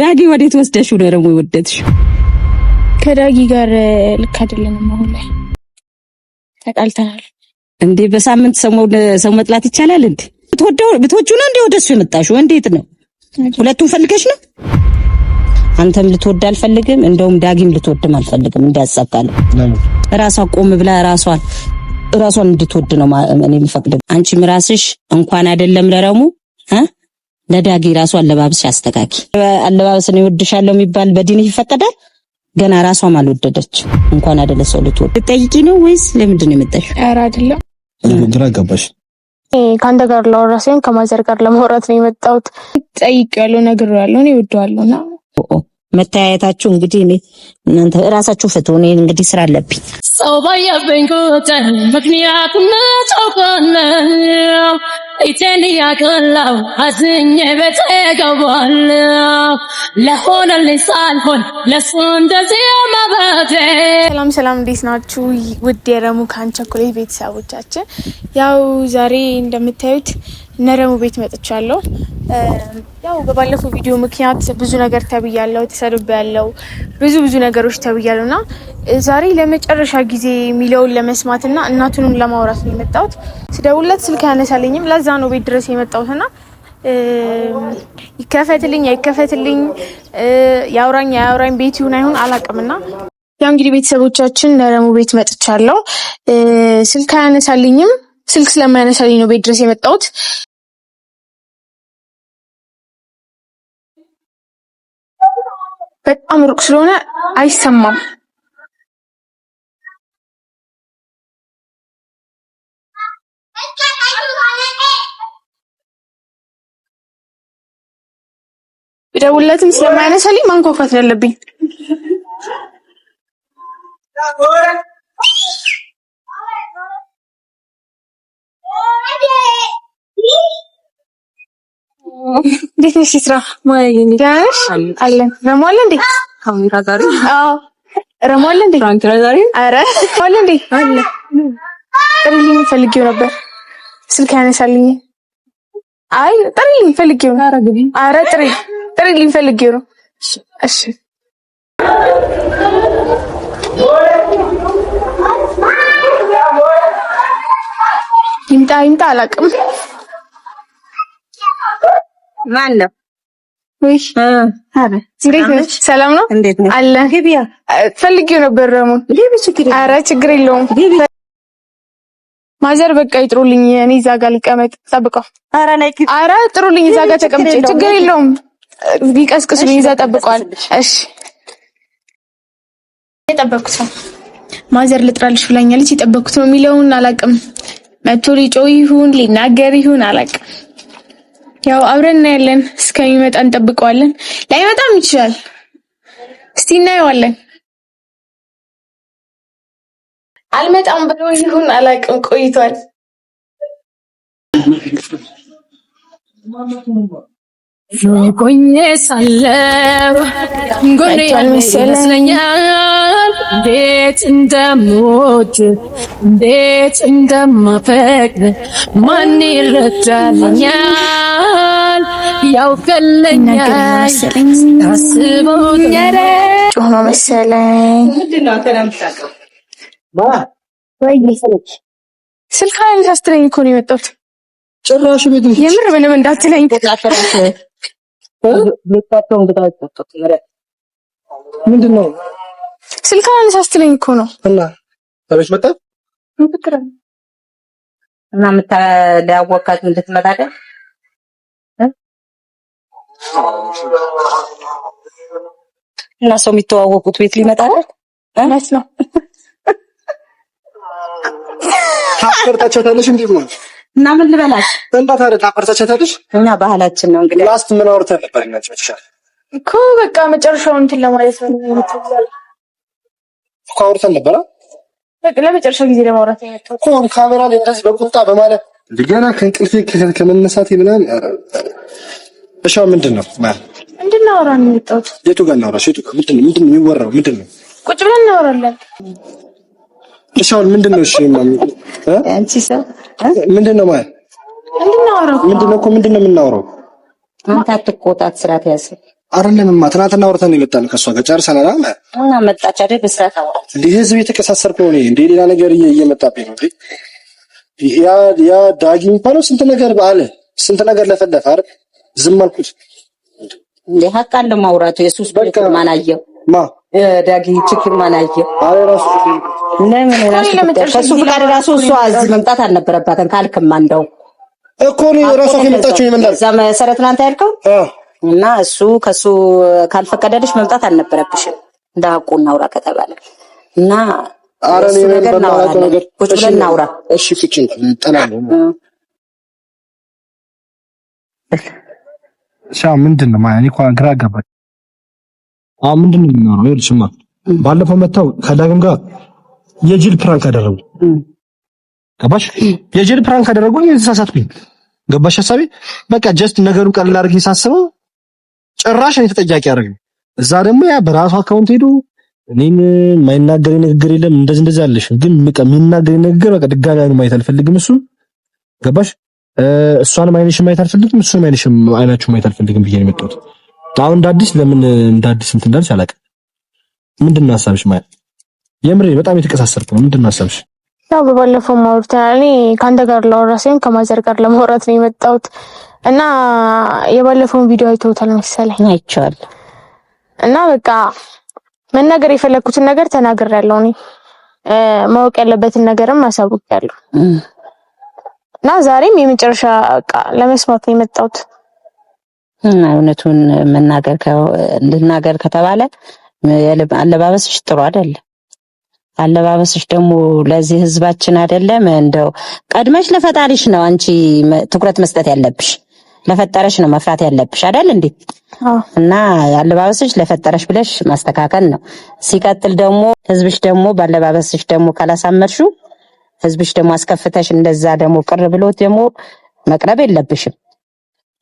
ዳጊ ወዴት ወስደሽው ነው ደግሞ የወደድሽው? ከዳጊ ጋር ልክ አይደለንም። አሁን ላይ ተጣልተናል። እንዴ በሳምንት ሰሞን ሰው መጥላት ይቻላል እንዴ? ብትወደው ብትወጂው ነው እንዴ ወደሱ የመጣሽው? እንዴት ነው ሁለቱም ፈልገሽ ነው? አንተም ልትወድ አልፈልግም፣ እንደውም ዳጊም ልትወድም አልፈልግም። እንዲያሳካለ ራሷ ቆም ብላ ራሷን ራሷን እንድትወድ ነው እኔ የምፈቅድ። አንቺም ራስሽ እንኳን አይደለም ለረሙ ለዳጊ ራሱ አለባበስ ያስተካኪ። አለባበስን ይወድሻለሁ የሚባል በዲን ይፈቀዳል? ገና ራሷም አልወደደች እንኳን አደለ ሰው ልትወድ። ልጠይቂ ነው ወይስ ለምንድን ነው የመጣሽ? ኧረ አይደለም። ግራ ገባሽ። ከአንተ ጋር ለወራ ሳይሆን ከማዘር ጋር ለማውራት ነው የመጣሁት። ጠይቄዋለሁ፣ ነግሬዋለሁ፣ እኔ እወደዋለሁ እና መተያየታችሁ እንግዲህ እናንተ እራሳችሁ ፍቱ። እኔ እንግዲህ ስራ አለብኝ። ሰው ባየብኝ ቁጥር ምክንያቱም ያቀላው አዝኜ ቤቴ ገባለው ለሆነልኝ ሳልሆን ለሱ እንደዚህ ማበቴ። ሰላም ሰላም፣ እንዴት ናችሁ ውድ የረሙ ካን ቤተሰቦቻችን? ያው ዛሬ እንደምታዩት ነረሙ ቤት መጥቻለሁ። ያው በባለፈው ቪዲዮ ምክንያት ብዙ ነገር ተብያለሁ፣ ተሰድቤያለሁ፣ ብዙ ብዙ ነገሮች ተብያለሁ እና ዛሬ ለመጨረሻ ጊዜ የሚለውን ለመስማት እና እናቱንም ለማውራት ነው የመጣሁት። ስደውለት ስልክ ያነሳልኝም፣ ለዛ ነው ቤት ድረስ የመጣሁት እና ይከፈትልኝ አይከፈትልኝ፣ የአውራኝ አያውራኝ፣ ቤት ይሁን አይሁን አላውቅም እና ያው እንግዲህ ቤተሰቦቻችን ነረሙ ቤት መጥቻለሁ። ስልክ አያነሳልኝም ስልክ ስለማያነሳልኝ ነው ቤት ድረስ የመጣሁት በጣም ሩቅ ስለሆነ አይሰማም። ደውለትም ስለማያነሳልኝ ማንኳኳት ነው ያለብኝ። እንዴት ነሽ? ስራ ማየኝዳሽ አለን ረሟል እንዴ? ካሜራ ዛሬ አዎ፣ ረሟል እንዴ? ፍራንክ ዛሬ አረ ሆል እንዴ አለ ጥሪልኝ፣ ፈልጊው ነበር ስልክ ያነሳልኝ። አይ ጥሪልኝ፣ ፈልጊው ነው። አረ ግቢ፣ አረ ጥሪ፣ ጥሪልኝ፣ ፈልጊው ነው። እሺ ይምጣ ይምጣ፣ አላቅም ማን ነው? ውይ ሰላም ነው? እንዴት አለ ግቢያ ነበር ደግሞ ችግር የለውም ማዘር በቃ ይጥሩልኝ። እኔ እዛ ጋር ልቀመጥ ጠብቀው። አረ ጥሩልኝ። እዛ ጋር ተቀምጬ ችግር የለውም ቢቀስቅሱልኝ እዛ ጠብቀዋል። እሺ የጠበኩት ነው ማዘር ልጥራልሽ ብላኛለች። የጠበኩት ነው የሚለውን አላቅም። መቶ ሊጮህ ይሁን ሊናገር ይሁን አላቅም። ያው አብረን እናያለን። እስከሚመጣ እንጠብቀዋለን። ላይመጣም ይችላል። እስቲ እናየዋለን። አልመጣም ብሎ ይሁን አላውቅም፣ ቆይቷል። ቆኜ ሳለው ጎኔ ይመስለኛል እንዴት እንደምወድ እንዴት እንደማፈቅር ማን ይረዳልኛል? ያውቀለኛል አስበው ጮማ መሰለኝ ስልክ ሳስትለኝ እኮ ነው የመጣሁት። ጭራሽ ቤት የምር ምንም እንዳትለኝ ምንድን ነው ስልክ አላነሳ እኮ ነው። እና አበሽ መጣ እና የምታዳወቃት እንድትመጣ እና ሰው የሚተዋወቁት ቤት ሊመጣ አይደል? እውነት ነው። ታፈርታቻታለሽ እንዴ? ነው እና ምን ልበላሽ? እንዴት አይደል? ታለሽ? እኛ ባህላችን ነው እንግዲህ። ላስት ምን አውርተን ነበር? ይመጭሻል እኮ በቃ መጨረሻውን እንትን ለማየት ነው። እኮ አውርተን ነበረ። ለመጨረሻ ጊዜ ለማውራት ነው። ካሜራ ላይ እንደዚህ በቁጣ በማለት ገና ከእንቅልፌ ከመነሳቴ ምናምን እሺ፣ ምንድን ነው ምንድን ነው አወራን የመጣሁት? የቱ ጋር እናውራሽ? የቱ ምንድን ነው ምንድን ነው የሚወራው? ምንድን ነው ቁጭ ብለን እናወራለን። እሺ፣ አሁን ምንድን ነው? እሺ፣ ማሚ አንቺ ሰው ምንድን ነው ማለት ምንድን ነው? ምንድን ነው እኮ ምንድን ነው የምናወራው? አንተ አትቆጣት፣ ስራ ትያዝ አይደለምማ ትናንትና አውርተን ይመጣል ከእሷ ጋር ጨርሰናል። አለ እና መጣች አይደል? በስራት አውራት እንደ ህዝብ የተቀሳሰርኩ ነው። እንዴ ሌላ ነገር እየመጣብኝ ነው። እንዴ ያ ያ ዳጊ የሚባለው ስንት ነገር አለ፣ ስንት ነገር ለፈለፈ አይደል? ዝም አልኩት። እንዴ ሀቅ አለው ማውራቱ። የሱስ በቃ ማን አየው? ማ ዳጊ ችግር ማን አየው? አይ ራሱ ለምን ራሱ ከሱ ጋር ራሱ እሷ እዚህ መምጣት አልነበረባትም ካልክማ እንደው እኮ ነው ራሷ ከመጣችው ይመናል። እዛ መሰረት ናንተ ያልከው እና እሱ ከሱ ካልፈቀደልሽ መምጣት አልነበረብሽም። እንደ ሀቁ እናውራ ከተባለ እና አረኔ ቁጭ ብለን እናውራ። እሺ ምንድን ነው ማለት እኮ ግራ ገባኝ። አሁን ምንድን ነው የሚሆነው? ይኸውልሽማ ባለፈው ከዳግም ጋር የጅል ፕራንክ አደረጉ። ገባሽ? የጅል ፕራንክ አደረጉ። ተሳሳትኩኝ። ገባሽ ሀሳቤ? በቃ ጀስት ነገሩ ቀላል አድርጌ ሳስበው ጭራሽ እኔ ተጠያቂ ያደረገኝ። እዛ ደግሞ ያ በራሱ አካውንት ሄዶ እኔን የማይናገረኝ ንግግር የለም እንደዚህ እንደዚህ አለሽ፣ ግን የሚናገረኝ ንግግር በቃ ድጋሚ አይኑ ማየት አልፈልግም። እሱም ገባሽ እሷን አይንሽ ማየት አልፈልግም፣ እሱን አይንሽ አይናችሁ ማየት አልፈልግም ብዬ ነው የመጣሁት። አሁን እንደ አዲስ ለምን እንደ አዲስ እንትን እንዳልሽ አላውቅም። ምንድን ነው ሀሳብሽ? ማለት የምሬ በጣም የተቀሳሰርኩ ነው። ምንድን ነው ሀሳብሽ? ያው በባለፈው ማውርተናል። እኔ ከአንተ ጋር ላወራ ሳይሆን ከማዘር ጋር ለማውራት ነው የመጣሁት። እና የባለፈውን ቪዲዮ አይተውታል መሰለኝ። አይቼዋለሁ። እና በቃ መናገር የፈለኩትን ነገር ተናግሬያለሁ። እኔ ማወቅ ያለበትን ነገርም አሳውቄያለሁ። እና ዛሬም የመጨረሻ በቃ ለመስማት ነው የመጣሁት። እና እውነቱን መናገር ልናገር ከተባለ አለባበስሽ ጥሩ አይደለም። አለባበስሽ ደግሞ ለዚህ ህዝባችን አይደለም። እንደው ቀድመሽ ለፈጣሪሽ ነው አንቺ ትኩረት መስጠት ያለብሽ። ለፈጠረሽ ነው መፍራት ያለብሽ አይደል እንዴ? እና አለባበስሽ ለፈጠረሽ ብለሽ ማስተካከል ነው። ሲቀጥል ደግሞ ህዝብሽ ደግሞ ባለባበስሽ ደግሞ ካላሳመርሹ ህዝብሽ ደግሞ አስከፍተሽ እንደዛ ደግሞ ቅር ብሎት ደግሞ መቅረብ የለብሽም።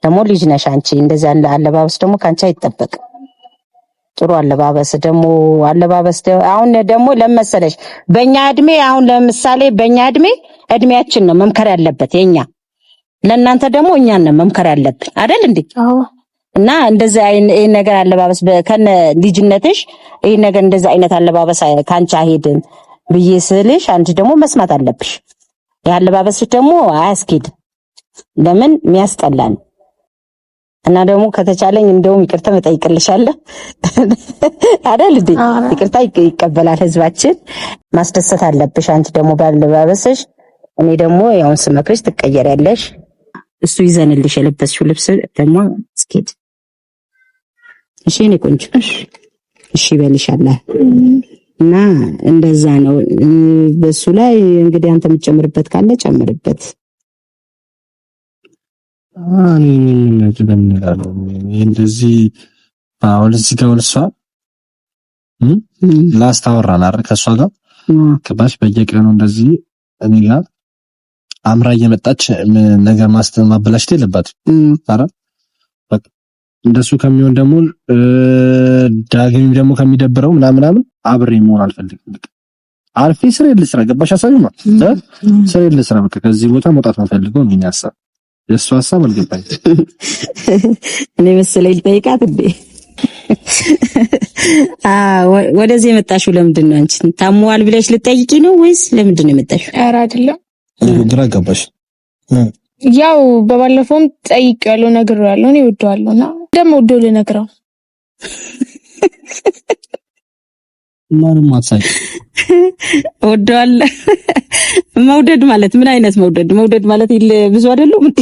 ደግሞ ልጅ ነሽ አንቺ። እንደዛ አለባበስ ደግሞ ከአንቺ አይጠበቅም። ጥሩ አለባበስ ደግሞ አለባበስ አሁን ደግሞ ለመሰለሽ በእኛ እድሜ አሁን ለምሳሌ በእኛ እድሜ እድሜያችን ነው መምከር ያለበት የኛ ለእናንተ ደግሞ እኛን ነው መምከር ያለብን አይደል እንዴ? እና እንደዚህ ይህ ነገር አለባበስ ከነ ልጅነትሽ ይህ ነገር እንደዚህ አይነት አለባበስ ከአንቺ አይሄድም ብዬ ስልሽ አንቺ ደግሞ መስማት አለብሽ። የአለባበስሽ ደግሞ አያስኬድ ለምን የሚያስጠላን እና ደግሞ ከተቻለኝ እንደውም ይቅርታ መጠይቅልሻለሁ አይደል እንዴ? ይቅርታ ይቀበላል ህዝባችን። ማስደሰት አለብሽ አንቺ ደግሞ ባለባበስሽ። እኔ ደግሞ ያውን ስመክርሽ ትቀየሪያለሽ። እሱ ይዘንልሽ የለበስሽው ልብስ ደግሞ ስኬድ። እሺ እኔ ቆንጆ እሺ ይበልሻለህ። እና እንደዛ ነው። በሱ ላይ እንግዲህ አንተ የምትጨምርበት ካለ ጨምርበት። አኔ እንደዚህ አሁን እዚህ ጋር ወልሷ ላስታወራል ከእሷ ጋር ከባሽ በየቀኑ እንደዚህ እኔ ጋር አምራ እየመጣች ነገር ማበላሽት የለባትም። ኧረ እንደሱ ከሚሆን ደግሞ ዳግም ደግሞ ከሚደብረው ምናምን ምናምን አብሬ መሆን አልፈልግም። አልፌ ስሬ ልስራ ገባሽ? ሀሳቢ ነው ስሬ ልስራ በቃ ከዚህ ቦታ መውጣት ማፈልገው ምን የእኔ ሀሳብ። የእሱ ሀሳብ አልገባኝ። እኔ መሰለኝ ልጠይቃት እንዴ? ወደዚህ የመጣሽው ለምንድን ነው? አንቺ ታሟል ብለሽ ልጠይቂ ነው ወይስ ለምንድን ነው የመጣሽው? ኧረ አይደለም ግራ ገባሽ። ያው በባለፈውም ጠይቅ ጠይቄዋለሁ፣ ነግሬዋለሁ። እኔ እወደዋለሁ እና ደግሞ ወደው ልነግረው ወደዋለ መውደድ ማለት ምን አይነት መውደድ? መውደድ ማለት ይል ብዙ አይደለም እንዴ?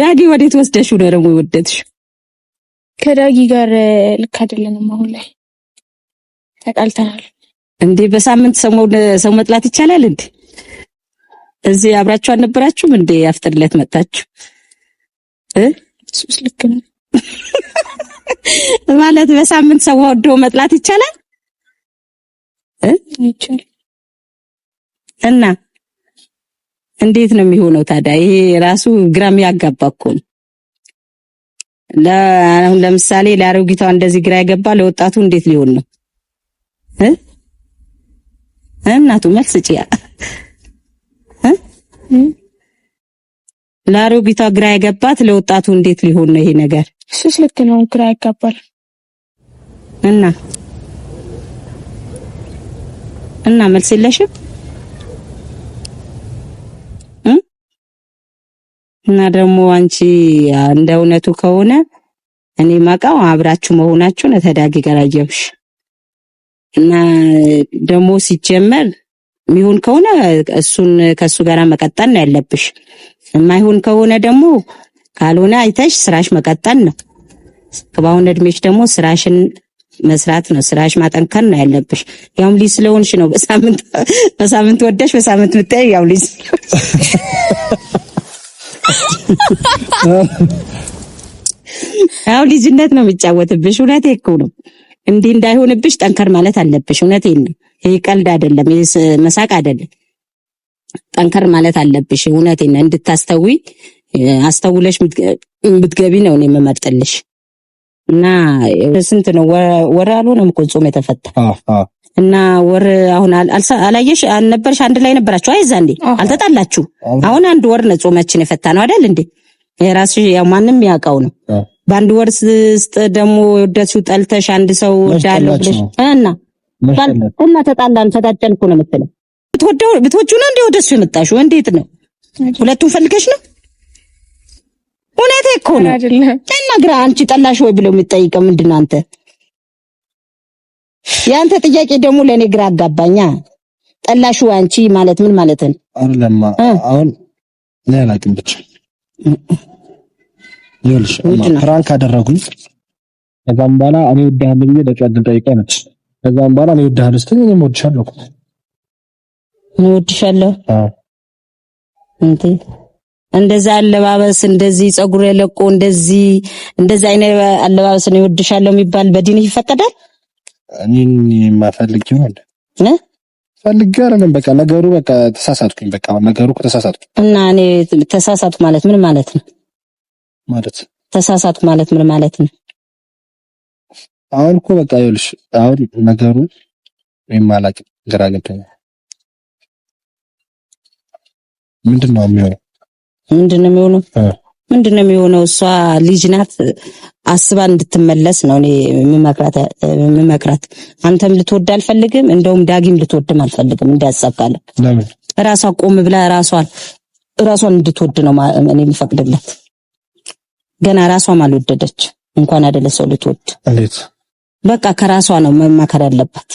ዳጊ ወዴት ወስደሽው ነው ደግሞ የወደድሽ? ከዳጊ ጋር ልክ አይደለንም። አሁን ላይ ተቃልተናል። እንዴ በሳምንት ሰው መጥላት ይቻላል እንዴ? እዚህ አብራችሁ አልነበራችሁም እንዴ? አፍጥርለት መጣችሁ እ ሱስ ልክ ነው ማለት በሳምንት ሰው ወዶ መጥላት ይቻላል እ እና እንዴት ነው የሚሆነው ታዲያ? ይሄ ራሱ ግራም ያጋባ እኮ ነው። ለምሳሌ ለአሮጊቷ እንደዚህ ግራ ያገባ ለወጣቱ እንዴት ሊሆን ነው እ እናቱ መልስ ጭያ ለአሮጊቷ ግራ የገባት ለወጣቱ እንዴት ሊሆን ነው ይሄ ነገር? እሱስ ልክ ነው፣ ግራ ይጋባል። እና እና መልስ የለሽም እና ደግሞ አንቺ እንደ እውነቱ ከሆነ እኔ ማውቀው አብራችሁ መሆናችሁን ተዳጊ ጋር አየሁሽ። እና ደግሞ ሲጀመር የሚሆን ከሆነ እሱን ከእሱ ጋር መቀጠል ነው ያለብሽ። የማይሆን ከሆነ ደግሞ ካልሆነ አይተሽ ስራሽ መቀጠል ነው። በአሁን እድሜሽ ደግሞ ስራሽን መስራት ነው፣ ስራሽ ማጠንከር ነው ያለብሽ። ያውም ልጅ ስለሆንሽ ነው። በሳምንት ወደሽ በሳምንት ምታይ ያው ልጅ ያው ልጅነት ነው የሚጫወትብሽ። እውነቴ እኮ ነው። እንዲህ እንዳይሆንብሽ ጠንከር ማለት አለብሽ። እውነቴን ነው። ይሄ ቀልድ አይደለም፣ ይሄ መሳቅ አይደለም። ጠንከር ማለት አለብሽ። እውነቴን ነው። እንድታስተዊ አስተውለሽ ምትገቢ ነው እኔ የምመርጥልሽ። እና ስንት ነው ወር አልሆነም እኮ ጾም የተፈታ እና ወር አሁን አላየሽ አልነበርሽ? አንድ ላይ ነበራችሁ። አይዛ እንዴ አልተጣላችሁ። አሁን አንድ ወር ነው ጾመችን የፈታ ነው አይደል እንዴ? የራስሽ ያው ማንም ያውቀው ነው በአንድ ወር ውስጥ ደግሞ ወደሱ ጠልተሽ አንድ ሰው ወዳለው ብለሽ እና እና ተጣላን ተጣጨንኩ ነው የምትለው። ብትወደው ብትወጪው ነው እንዴ ወደሱ የመጣሽው? እንዴት ነው ሁለቱን ፈልገሽ ነው? እውነቴ እኮ ነው። እና ግራ አንቺ ጠላሽ ወይ ብለው የሚጠይቀው ምንድን ነው? አንተ የአንተ ጥያቄ ደግሞ ለእኔ ግራ አጋባኛ። ጠላሽ ወይ አንቺ ማለት ምን ማለት ነው? አሁን ለማ አሁን እኔ አላውቅም ብቻ ይኸውልሽ ፕራንክ አደረጉኝ። ከዛም በኋላ እኔ እወድሃለሁ ብዬ ለቀልድ ጠይቀኝ ነች። ከዛም በኋላ እኔ እወድሃለሁ ስትል እኔም እወድሻለሁ እኔ እወድሻለሁ እንደዛ አለባበስ እንደዚህ ጸጉር የለቆ እንደዚህ እንደዚህ አይነት አለባበስ ነው ወድሻለሁ የሚባል በዲን ይፈቀዳል? እኔ ማፈልግ ይሆናል እ ፈልግ አይደለም። በቃ ነገሩ በቃ ተሳሳትኩኝ። በቃ ነገሩ ተሳሳትኩኝ እና እኔ ተሳሳትኩ ማለት ምን ማለት ነው? ማለት ተሳሳት ማለት ምን ማለት ነው? አሁን እኮ በቃ ይኸውልሽ፣ አሁን ነገሩ የማላቅ ግራ ገብቶኛል። ምንድን ነው የሚሆነው? ምንድን ነው የሚሆነው? ምንድን ነው የሚሆነው? እሷ ልጅ ናት፣ አስባ እንድትመለስ ነው እኔ የምመክራት የምመክራት። አንተም ልትወድ አልፈልግም፣ እንደውም ዳጊም ልትወድም አልፈልግም። እንዳያሳካለ ለምን ራሷ ቆም ብላ ራሷን ራሷን እንድትወድ ነው እኔ የምፈቅድላት። ገና ራሷም አልወደደች እንኳን አደለ ሰው ልትወድ። በቃ ከራሷ ነው መመከር ያለባት።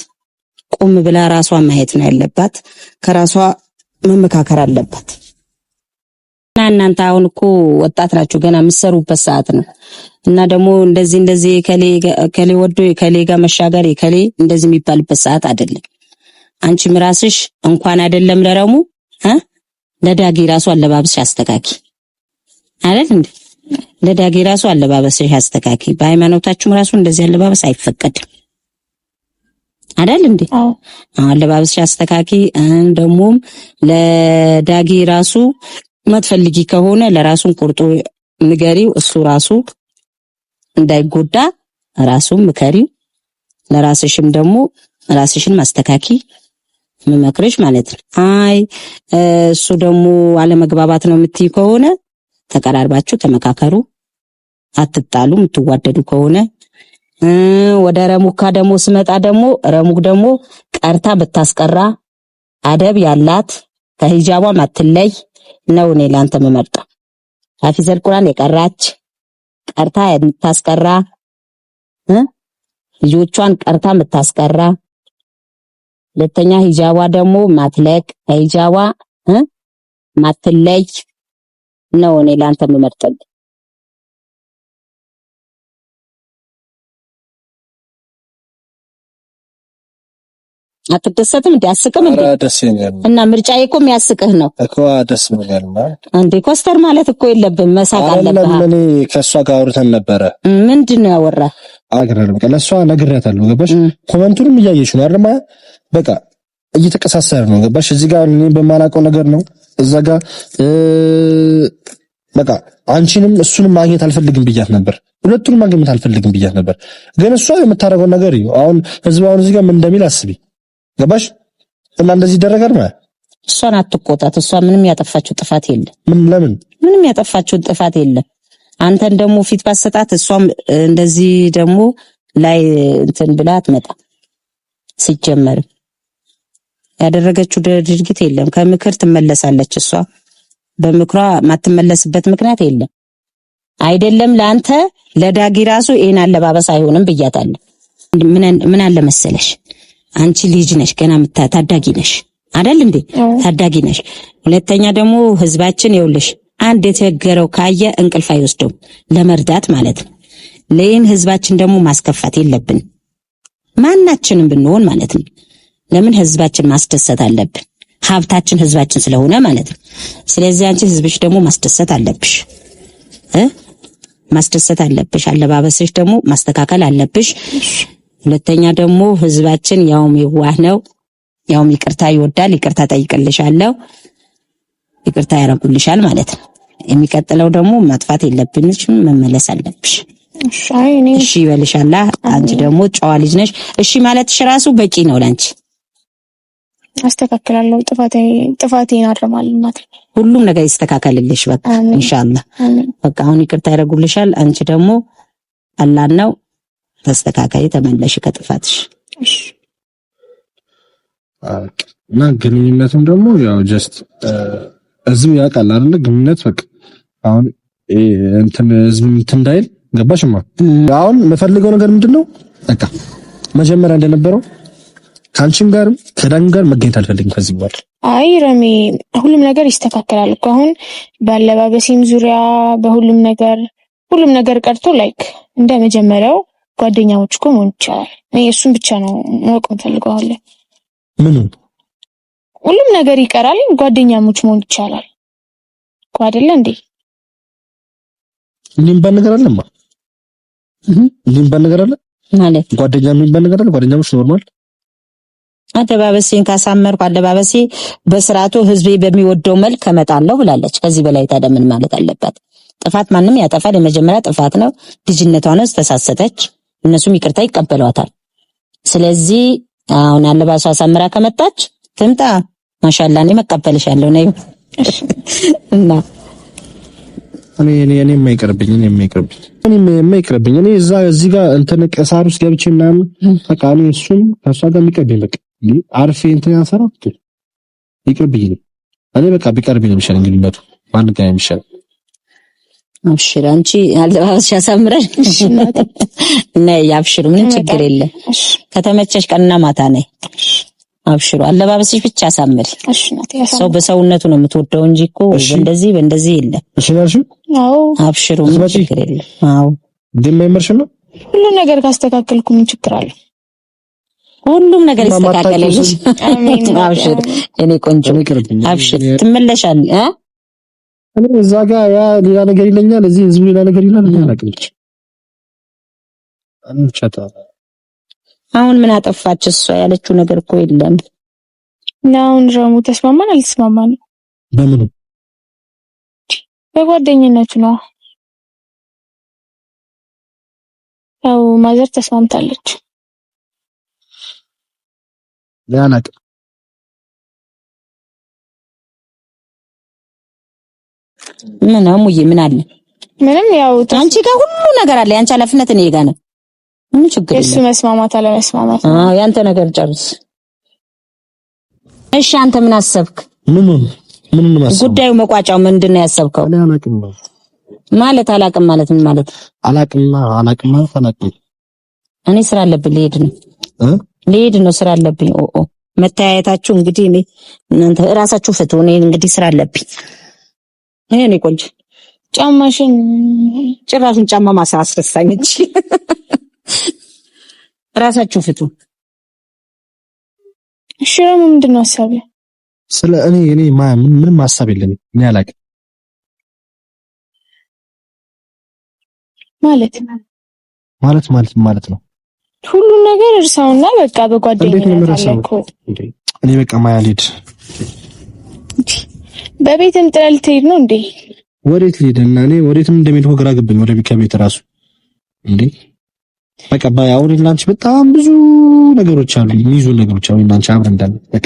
ቁም ብላ ራሷ ማየት ነው ያለባት። ከራሷ መመካከር አለባት። እና እናንተ አሁን እኮ ወጣት ናችሁ፣ ገና የምትሰሩበት ሰዓት ነው። እና ደግሞ እንደዚህ እንደዚህ ከሌ ወዶ ከሌ ጋር መሻገር ከሌ እንደዚህ የሚባልበት ሰዓት አይደለም። አንቺም ራስሽ እንኳን አይደለም ለረሙ ለዳጊ ራሱ አለባብስሽ አስተካኪ አይደል እንዴ? ለዳጌ ራሱ አለባበስሽ አስተካኪ። በሃይማኖታችሁም ራሱ እንደዚህ አለባበስ አይፈቀድም አይደል እንዴ? አዎ፣ አለባበስሽ አስተካኪ። ደግሞም ለዳጌ ራሱ መትፈልጊ ከሆነ ለራሱን ቁርጦ ንገሪው። እሱ ራሱ እንዳይጎዳ ራሱን ምከሪው። ለራስሽም ደግሞ ራስሽን ማስተካኪ ምመክርሽ ማለት ነው። አይ እሱ ደግሞ አለመግባባት ነው የምትይ ከሆነ ተቀራርባችሁ ተመካከሩ። አትጣሉ። የምትዋደዱ ከሆነ ወደ ረሙካ ደግሞ ስመጣ ደግሞ ረሙክ ደግሞ ቀርታ ብታስቀራ አደብ ያላት ከሂጃቧ ማትለይ ነው። እኔ ላንተ መመርጣ ሀፊዘል ቁርአን የቀራች ቀርታ የምታስቀራ ልጆቿን ቀርታ የምታስቀራ ሁለተኛ ሂጃቧ ደግሞ ማትለቅ ከሂጃቧ ማትለይ ነው እኔ ለአንተ የምመርጠል አትደሰትም እንዴ? አስቅም እንዴ? እና ምርጫዬ እኮ የሚያስቅህ ነው እኮ። ደስ ይላል እንዴ? ኮስተር ማለት እኮ የለብም መሳቅ አለብህ። እኔ ከእሷ ጋር አውርተን ነበረ። ምንድን ነው ያወራህ? አገራለም በቃ ለእሷ ነግሬያታለሁ። ገባሽ? ኮመንቱንም እያየሽ ነው አይደል? በቃ እየተቀሳሰረ ነው ገባሽ? እዚህ ጋር እኔ በማላውቀው ነገር ነው እዛ ጋር በቃ አንቺንም እሱንም ማግኘት አልፈልግም ብያት ነበር። ሁለቱንም ማግኘት አልፈልግም ብያት ነበር። ግን እሷ የምታደርገው ነገር እዩ። አሁን ህዝብ አሁን እዚህ ጋር ምን እንደሚል አስቢ። ገባሽ? እና እንደዚህ ይደረጋል ማለት እሷን አትቆጣት። እሷ ምንም ያጠፋችው ጥፋት የለም። ምን ለምን ምንም ያጠፋችው ጥፋት የለም። አንተን ደግሞ ፊት ባሰጣት እሷም እንደዚህ ደግሞ ላይ እንትን ብላ አትመጣ ሲጀመርም ያደረገችው ድርጊት የለም። ከምክር ትመለሳለች እሷ። በምክሯ የማትመለስበት ምክንያት የለም። አይደለም ለአንተ ለዳጊ ራሱ ይሄን አለባበስ አይሆንም ብያታለሁ። ምን አለ መሰለሽ አንቺ ልጅ ነሽ፣ ገና ታዳጊ ነሽ አይደል እንዴ? ታዳጊ ነሽ። ሁለተኛ ደግሞ ህዝባችን ይኸውልሽ አንድ የተቸገረው ካየ እንቅልፍ አይወስደው ለመርዳት ማለት ነው። ለይህን ህዝባችን ደግሞ ማስከፋት የለብን ማናችንም ብንሆን ማለት ነው። ለምን ህዝባችን ማስደሰት አለብን። ሀብታችን ህዝባችን ስለሆነ ማለት ነው። ስለዚህ አንቺ ህዝብሽ ደግሞ ማስደሰት አለብሽ እ ማስደሰት አለብሽ። አለባበስሽ ደግሞ ማስተካከል አለብሽ። ሁለተኛ ደግሞ ህዝባችን ያውም የዋህ ነው፣ ያውም ይቅርታ ይወዳል። ይቅርታ ጠይቅልሻለሁ፣ ይቅርታ ያረጉልሻል ማለት ነው። የሚቀጥለው ደግሞ መጥፋት የለብንሽም፣ መመለስ አለብሽ። እሺ ይበልሻላ። አንቺ ደግሞ ጨዋ ልጅ ነሽ። እሺ ማለትሽ ራሱ በቂ ነው ለአንቺ። አስተካክላለሁ። ጥፋቴን አርማለሁ። እናቴ ሁሉም ነገር ይስተካከልልሽ። በቃ ኢንሻአላህ። በቃ አሁን ይቅርታ ያደርጉልሻል። አንቺ ደግሞ አላህ ነው ተስተካካይ፣ ተመለሽ ከጥፋትሽ። እና ግንኙነቱም ደግሞ ያው ጀስት ህዝብ ያውቃል አይደለ? ግንኙነት በቃ አሁን እንትን ህዝብ እንትን እንዳይል ገባሽማ። አሁን የምፈልገው ነገር ምንድን ነው በቃ መጀመሪያ እንደነበረው ከአንቺም ጋርም ከዳን ጋር መገኘት አልፈልግም ከዚህ በኋላ። አይ ረሜ፣ ሁሉም ነገር ይስተካከላል እኮ አሁን በአለባበሴም ዙሪያ በሁሉም ነገር ሁሉም ነገር ቀርቶ ላይክ እንደ መጀመሪያው ጓደኛዎች እኮ መሆን ይቻላል። እኔ እሱን ብቻ ነው ማወቅ የምፈልገው። ምኑ ሁሉም ነገር ይቀራል፣ ጓደኛሞች መሆን ይቻላል እኮ አይደለ እንዴ? እኔ የሚባል ነገር አለማ፣ እኔ የሚባል ነገር አለ ማለት ጓደኛ የሚባል ነገር አለ። ጓደኛሞች ኖርማል አለባበሴን ካሳመርኩ አለባበሴ በስርዓቱ ህዝቤ በሚወደው መልክ እመጣለሁ ብላለች። ከዚህ በላይ ታዲያ ምን ማለት አለበት? ጥፋት ማንም ያጠፋል። የመጀመሪያ ጥፋት ነው። ልጅነቷ ነው፣ ተሳሰተች። እነሱም ይቅርታ ይቀበሏታል። ስለዚህ አሁን አለባበሷ አሳምራ ከመጣች ትምጣ። ማሻላ እኔ መቀበልሽ ያለው ነይ እና እኔ እኔ እኔ የማይቀርብኝ እኔ የማይቀርብኝ እኔ የማይቀርብኝ እኔ እዛ እዚህ ጋር እንትን ቀሳር ውስጥ ገብቼ ምናምን በቃ እኔ እሱን ከእሷ ጋር የሚቀርብኝ በቃ አርፌ እንትን ብቻ ይቅርብኝ ነው እኔ በቃ ቢቀርብኝ ነው የሚሻለው። ግንኙነቱ ማን ጋር የሚሻለው? አብሽር አንቺ አለባበስሽ ያሳምራል ነይ አብሽር፣ ምንም ችግር የለ። ከተመቸሽ ቀንና ማታ ነይ። አብሽሩ፣ አለባበስሽ ብቻ ያሳምር። ሰው በሰውነቱ ነው የምትወደው እንጂ እኮ በእንደዚህ በእንደዚህ የለም። አብሽሩ፣ ምንም ችግር የለ። አዎ፣ ነው ሁሉ ነገር ካስተካከልኩ ምን ችግር አለው? ሁሉም ነገር ይስተካከለልሽ። እኔ ቆንጆ አብሽር፣ እኔ እዛ ጋር ያ ሌላ ነገር ይለኛል፣ እዚህ ህዝቡ ሌላ ነገር ይላል። አሁን ምን አጠፋች እሷ? ያለችው ነገር እኮ የለም። አሁን ረሙ ተስማማን አልተስማማን፣ በምን በጓደኝነቱ ነው። ያው ማዘር ተስማምታለች። ሊያነቅ ምን አሙዬ ምን አለ? ምንም ያው አንቺ ጋር ሁሉ ነገር አለ። የአንቺ ኃላፊነት እኔ ጋር ነው። ምን ችግር እሱ መስማማት አለ መስማማት። አዎ ያንተ ነገር ጨርስ። እሺ አንተ ምን አሰብክ? ምን ምን ጉዳዩ መቋጫው ምንድን ነው ያሰብከው? ማለት አላቅም ማለት ምን ማለት አላቅም አላቅም አላቅም። እኔ ስራ አለብን ልሄድ ነው ልሄድ ነው፣ ስራ አለብኝ። ኦ ኦ መተያየታችሁ እንግዲህ እኔ እናንተ እራሳችሁ ፍቱ። እኔ እንግዲህ ስራ አለብኝ። እኔ ነኝ ቆንጆ ጫማሽን ጭራሽን ጫማ ማሳ አስረሳኝ እንጂ እራሳችሁ ፍቱ። እሺ ምንድን ነው ሀሳብ? ስለ እኔ እኔ ምንም ሀሳብ የለኝም። እኔ አላውቅም ማለት ማለት ማለት ማለት ነው ሁሉን ነገር እርሳውና በቃ በጓደኝነት አለኩ። እኔ በቃ ማያ ልሂድ። በቤትም ጥለህ ልትሄድ ነው እንዴ? ወዴት ልሂድ እና እኔ ወዴትም እንደሚልኩ ግራ ገብኝ። ወደ ከቤት እራሱ እንዴ በቃ ባያውን እናንቺ በጣም ብዙ ነገሮች አሉ፣ የሚይዙ ነገሮች አሉ። እናንቺ አብረን እንዳለ በቃ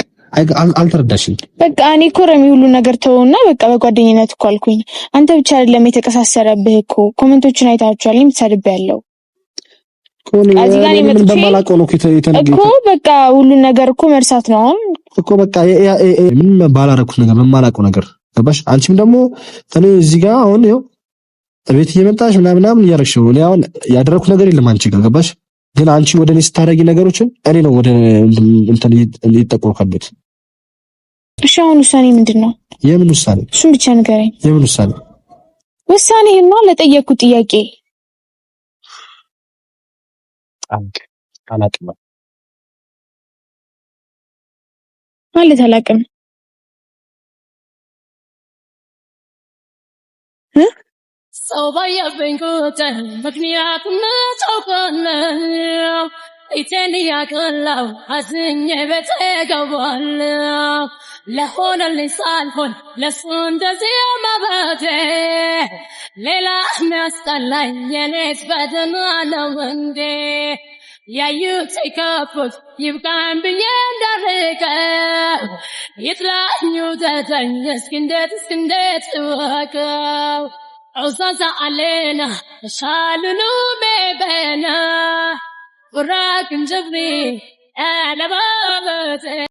አልተረዳሽኝ። በቃ እኔ እኮ ረሚ ሁሉ ነገር ተወውና በቃ በጓደኝነት እኮ አልኩኝ። አንተ ብቻ አይደለም የተቀሳሰረብህ እኮ ኮመንቶችን አይታችኋል። የምትሳድብ ያለው እዚህ በማላውቀው ነው እኮ በቃ ሁሉን ነገር እኮ መርሳት ነው። አሁን እኮ በቃ ምን ባላረኩት ነገር በማላውቀው ነገር ገባሽ። አንቺም ደግሞ እኔ እዚህ ጋር አሁን ይኸው እየመጣሽ ምናምን ምናምን እያደረግሽ ነው። እኔ አሁን ነገር የለም አንቺ ጋር ገባሽ። ግን አንቺ ወደ እኔ ስታደርጊ ነገሮችን እኔ ነው ወደ እንትን እሺ አሁን ውሳኔ ምንድን ነው? የምን ውሳኔ? እሱን ብቻ ንገረኝ። የምን ውሳኔ? ውሳኔ ለጠየቅኩት ጥያቄ አላቅም ማለት አላቅም ሰው ባየብኝ ቁጥር ምክንያቱም ጨውቆ ነው ኢቴን ያቀላው አዝኜ በተገባለው ለሆነልኝ ሳልሆን ለሱ እንደዚህ ማበቴ ሌላ ሚያስጠላኝ የኔት በደና ነው እንዴ ያዩት ይከፉት ይብቃን ብዬ እንዳርቀው ይጥላኝ ውደተኝ እስኪ እንዴት እስኪ ዑዛዛ አሌና ሻልኑ ሜበና وراك مجبني انا بابا